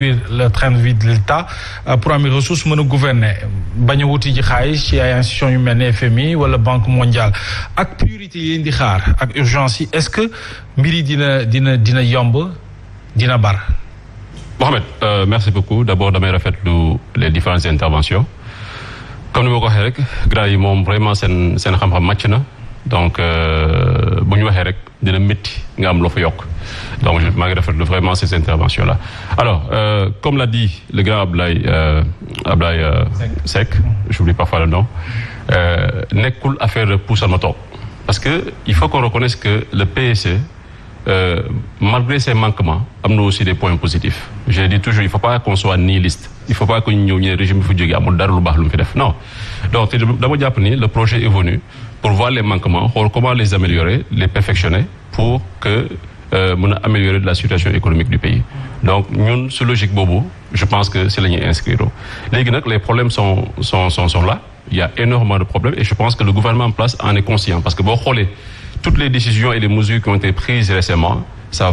le train de vie de l'État euh, pour am ressource mën a gouverner bañ a wuti ay institutions yu mel ne FMI wala Banque mondiale ak priorité yi di xaar ak urgence yi est-ce que mbir yi dina dina dina yomb dina bar Mohamed euh, merci beaucoup d'abord damay rafetlu les différentes interventions comme ni ma ko waxee rek gars yi moom vraiment seen seen xam-xam màcc na euh, bu ñu waxee rek dina métti nga am loo fa yokk donc maa ngi rafetlu vraiment ces interventions là alors euh, comme l'a dit le grand Ablaye euh, Ablaye euh, Seck j'oublie euh, nekkul affaire puusal ma toog parce que il faut qu'on reconnaisse que le PSE euh, malgré ses manquements am na aussi des points positifs je dis toujours il faut pas qu'on soit nihiliste il faut pas que ñu ñëw ñu ne régime bi fa jógee amul dara lu baax lu mu fi def non donc dama jàpp ni le projet est venu pour voir les manquements xool comment les améliorer les perfectionner pour que euh, mën améliorer la situation économique du pays donc ñun su logique boobu je pense que si la ñuy inscrire léegi les problèmes sont là il y a énormément de problèmes et je pense que le gouvernement en place en est conscient parce que boo xoolee toutes les décisions et les mesures qui ont été prises récemment ça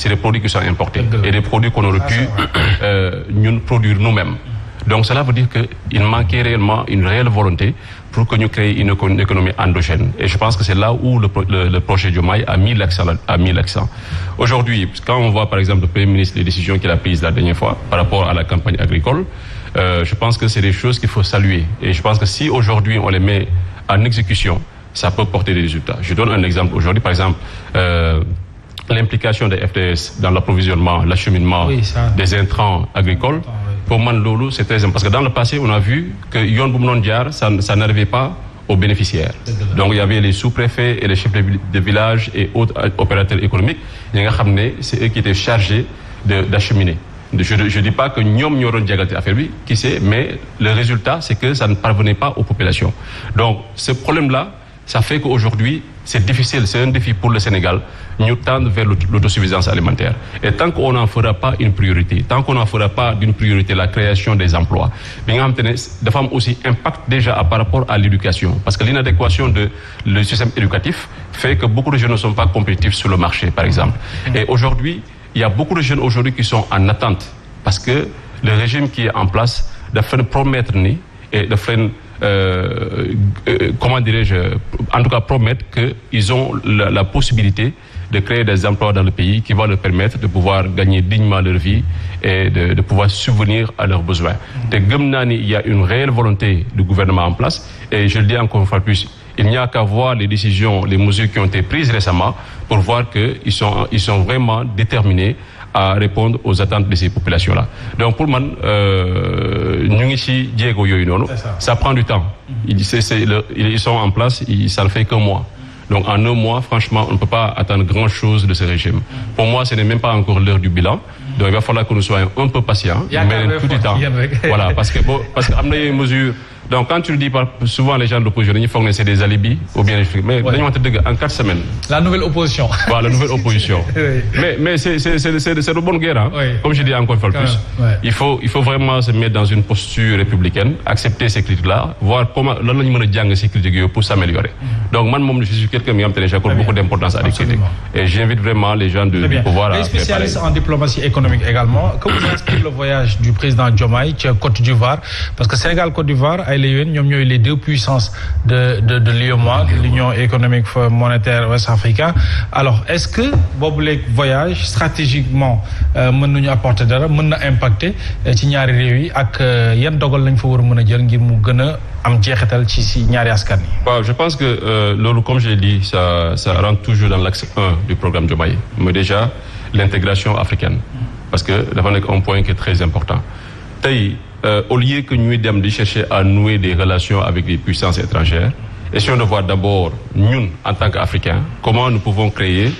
c'est des produits qui sont importés et des produits qu'on aurait ah, pu euh, ñun produire nous-mêmes donc cela veut dire que il manquait réellement une réelle volonté pour que ñu créer une économie endogène et je pense que c'est là où le, le, le projet Diomaye a mis l'accent a mis l'accent aujourd'hui quand on voit par exemple le Premier ministre les décisions qu'il a prises la dernière fois par rapport à la campagne agricole euh, je pense que c'est des choses qu'il faut saluer et je pense que si aujourd'hui on les met en exécution ça peut porter des résultats je donne un exemple aujourd'hui par exemple euh, l'implication des FDS dans l'approvisionnement, l'acheminement oui, des intrants agricoles. Temps, oui. Pour moi, Lolo, c'est très important. Parce que dans le passé, on a vu que Yon Boumnondiar, ça, ça n'arrivait pas aux bénéficiaires. Donc il y avait les sous-préfets et les chefs de village et autres euh, opérateurs économiques. C'est eux qui étaient chargés d'acheminer. Je ne dis pas que nous n'aurons diagnostic à faire lui, qui sait, mais le résultat, c'est que ça ne parvenait pas aux populations. Donc ce problème-là, Ça fait qu'aujourd'hui, c'est difficile, c'est un défi pour le Sénégal, nous tendre vers l'autosuffisance alimentaire. Et tant qu'on n'en fera pas une priorité, la création des emplois, les femmes aussi impactent déjà par rapport à l'éducation. Parce que l'inadéquation du système éducatif de jeunes par exemple. Et aujourd'hui, il y a beaucoup de jeunes aujourd'hui qui sont en attente parce que le régime qui est en place, de promettre et de faire Euh, euh, comment dirais-je, en tout cas promettre qu'ils ont la, la, possibilité de créer des emplois dans le pays qui vont leur permettre de pouvoir gagner dignement leur vie et de, de pouvoir subvenir à leurs besoins. Te gëm naa ni il y a une réelle volonté du gouvernement en place et je le dis encore une fois plus il n'y a qu'à voir les décisions, les mesures qui ont été prises récemment pour voir qu'ils sont, ils sont vraiment déterminés à répondre aux attentes de ces populations là donc pour man euh, ñu ngi ci jéego yooyu noonu ça prend du temps ils c'est le ils sont en place ça ne fait qu'un mois donc en un mois franchement on ne peut pas attendre grand chose de ce régime pour moi ce n'est même pas encore l'heure du bilan donc il va falloir que nous soyons un peu patients. mais tout le temps parce que boo parce que am na yeneen mesures. donc de l'opposition dañuy foog ne c'est des alibis la nouvelle opposition. mais c'est c'est c'est bonne guerre comme je dis encore une fois plus. il il faut vraiment se mettre dans une posture républicaine accepter ces critiques là voir la ñu mën a jàng ces critiques pour s'améliorer. Mm-hmm. donc man moom je de du à économique également que vous inspire le voyage du président Diomaye ca Côte d'Ivoire parce que Sénégal Côte d'Ivoire ay la ñoom ñooy les deux puissances de de de l'UEMOA l'Union économique euh, monétaire ouest-africaine alors est-ce que boobu léeg voyage stratégiquement euh, mën nañu apporter dara mën na impacter euh, ci ñaari réew yi ak yan dogal lañ fa war mën a jël ngir mu gën a am jeexital ci si ñaari askan yi. je pense que euh, loolu comme je l'ai dit ça ça toujours dans l'axe du programme l'intégration africaine parce que dafa nekk un point qui est très important tey euh, au lieu que ñuy dem di chercher à nouer des relations avec des puissances étrangères essayons de voir d'abord ñun en tant qu'Africains comment nous pouvons créer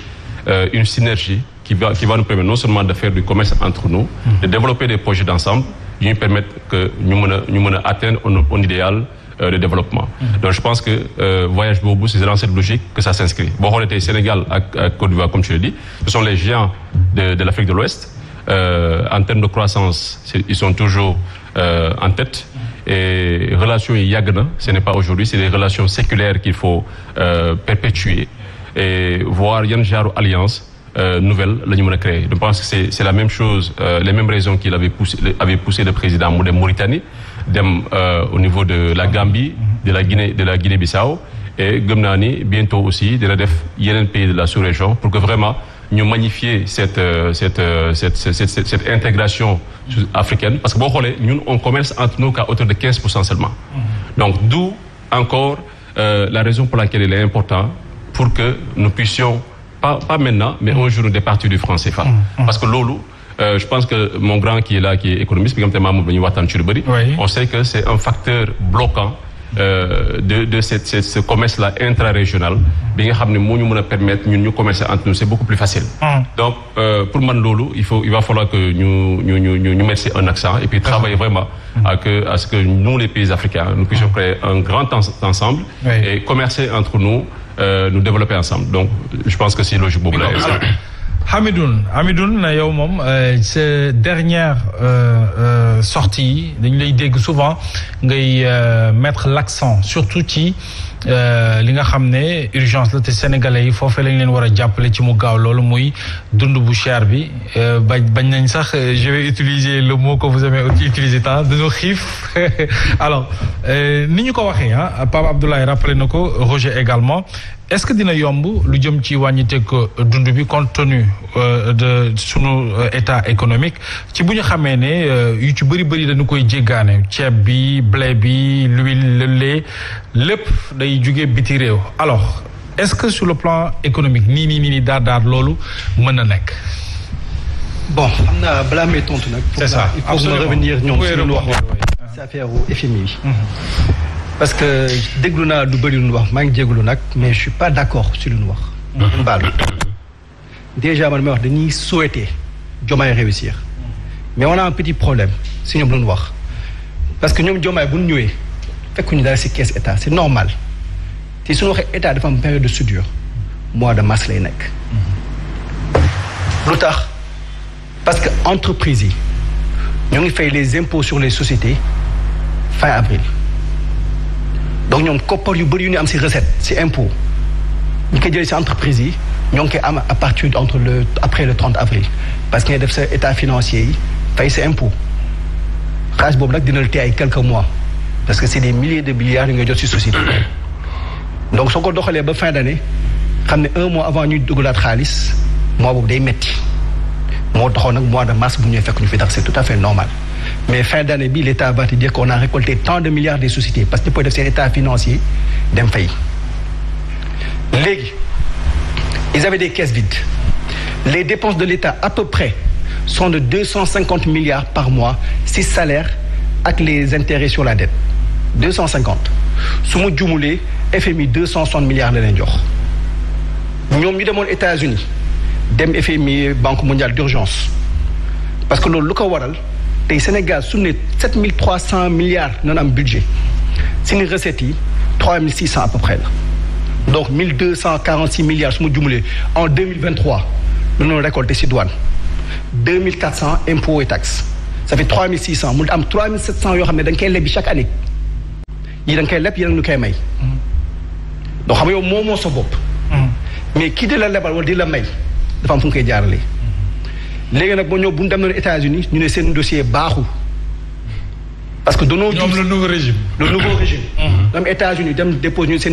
euh, une synergie qui va qui va nous permettre non seulement de faire du commerce entre nous de développer des projets d'ensemble yu ñu permettre que ñu mën a ñu mën a atteindre un idéal Euh, de développement. donc je pense que euh, voyage boobu c'est dans cette logique que ça s'inscrit boo xoolee tey Sénégal ak Côte d'Ivoire comme tu l'as dit ce sont les géants de de l'Afrique de l'Ouest euh, en termes de croissance ils sont toujours en tête. et relations yi yàgg na ce n'est pas aujourd'hui c'est des relations séculaires qu'il faut euh, perpétuer et voir yan genre alliance nouvelle la ñu mën a créer je pense que c'est la même chose euh, les mêmes raisons qu'il avait poussé avait poussé le président mu dem Mauritanie dem euh, au de la Gambie de la Guinée de la Guinée-Bissau et gëm ni bientôt aussi dina def yeneen pays de la sous-région pour que vraiment ñu magnifier cette euh, euh, cette cette cette cette intégration africaine parce que boo xoolee ñun on commerce entre nous qu'à hauteur de 15 pour cent seulement. donc d'où encore la raison pour laquelle il est important pour que nous puissions pas pas maintenant mais un jour nous départir du franc mm, mm. parce que loolu. Euh, je pense que mon grand qui est là qui est économiste bi nga xam te Mamour dañuy lu bëri on sait que c'est un facteur bloquant euh, de de cette ce, ce commerce là intra-régional bi nga xam ne moo ñu mën a permettre ñun ñu commercer entre nous c'est beaucoup plus facile. Mm. donc euh, pour man loolu il faut il va falloir que ñu ñu ñu ñu ñu mettre un accent et puis travailler vraiment mm. que à ce que nous les pays africains nous puissions mm. créer un grand ensemble. Oui. et commercer développer ensemble donc je pense que c'est logique boobu la. Hamidoun Hamidoun euh, yow moom euh, sa dernière euh, sortie yi dañu lay dégg souvent ngay mettre l'accent surtout ci li nga xam ne urgence la te sénégalais yi foofee lañ leen war a jàppale ci mu gaaw loolu muy dund bu cher bi bañ bañ nañ sax je vais utiliser le mot que vous aimez utiliser tant dañu xiif alors ni ñu ko waxee ah Pape Abdoulaye rappelé na ko Roger également est-ce que dina yomb lu jëm ci wàññi wàññiteeg euh, dund bi compte tenu euh, de sunu euh, état économique ci buñu xamee ne yu ci bëri bëri dañu koy jéggaane ceeb bi blé bi l'huile le lait lépp day jóge biti réew alors est-ce que sur le plan économique nii nii nii nii daar loolu mën na nekk. bon tontu nag. c'est ça parce que déglu naa du bëri lu ñu wax maa ngi jégalu nag mais je suis pas d'accord si lu ñu wax. Mmh. Mmh. mbaalu déjà man may wax dañuy souhaiter Diomaye réussir mais on a un petit problème si ñoom lu ñu wax parce que ñoom Diomaye bu ñu ñëwee fekkuñu dara si caisse état c'est normal te su waxee état dafa am période de soudure mois de mars lay nekk. lu tax parce que entreprise yi ñoo ngi fay les impôts sur les sociétés fin avril. donc ñoom koppar yu bëri yu ñu am si recette si impôt ñu koy jëlee si entreprise yi ñoo ngi koy am à partir entre après le 30 avril parce que ngay def sa état financier yi fay sa impôt xaalis boobu nag dina la téye ay quelques mois parce que c' est des milliers de milliards yu ngay jot si société donc soo ko doxalee ba fin d' xam ne un mois avant ñuy dugalaat xaalis mois boobu day metti moo taxoon nag mois de mars bu ñuy fekk ñu fi tax c' tout à fait normal mais fin d'année bi l'État va te dire qu'on a récolté tant de milliards des sociétés parce que ñu koy def seen état financier dem fay léegi ils avaient des caisses vides les dépenses de l'État à peu près sont de deux cent cinquante milliards par mois si salaire ak les intérêts sur la dette deux cent cinquante su ma jumulee FMI deux cent soixante milliards la leen jox ñoom ñu demoon États-Unis dem FMI banque mondiale d'urgence parce que loolu lu ko waral tey Sénégal su ne 7300 milliards noonu am budget seeni recettes yi 3600 à peu près la donc 1246 milliards su ma jumulee en 2023 lu noonu récolté si douane 2400 impôts et taxes ça fait 3600 mu am 3700 yoo xam ne da nga koy lebbi chaque année yi da nga koy leb yi da nga koy may. donc xam nga yow moomoo sa bopp. Mm. mais kii di la lebal di la may dafa am fu koy jaarale. léegi nag boo ñoom bu ñu dem noonu États-Unis ñu ne seen dossier baaxul parce que danoo. ñoom le nouveau régime. le nouveau régime. ñoom mm-hmm. États-Unis dem déposé ñu seen.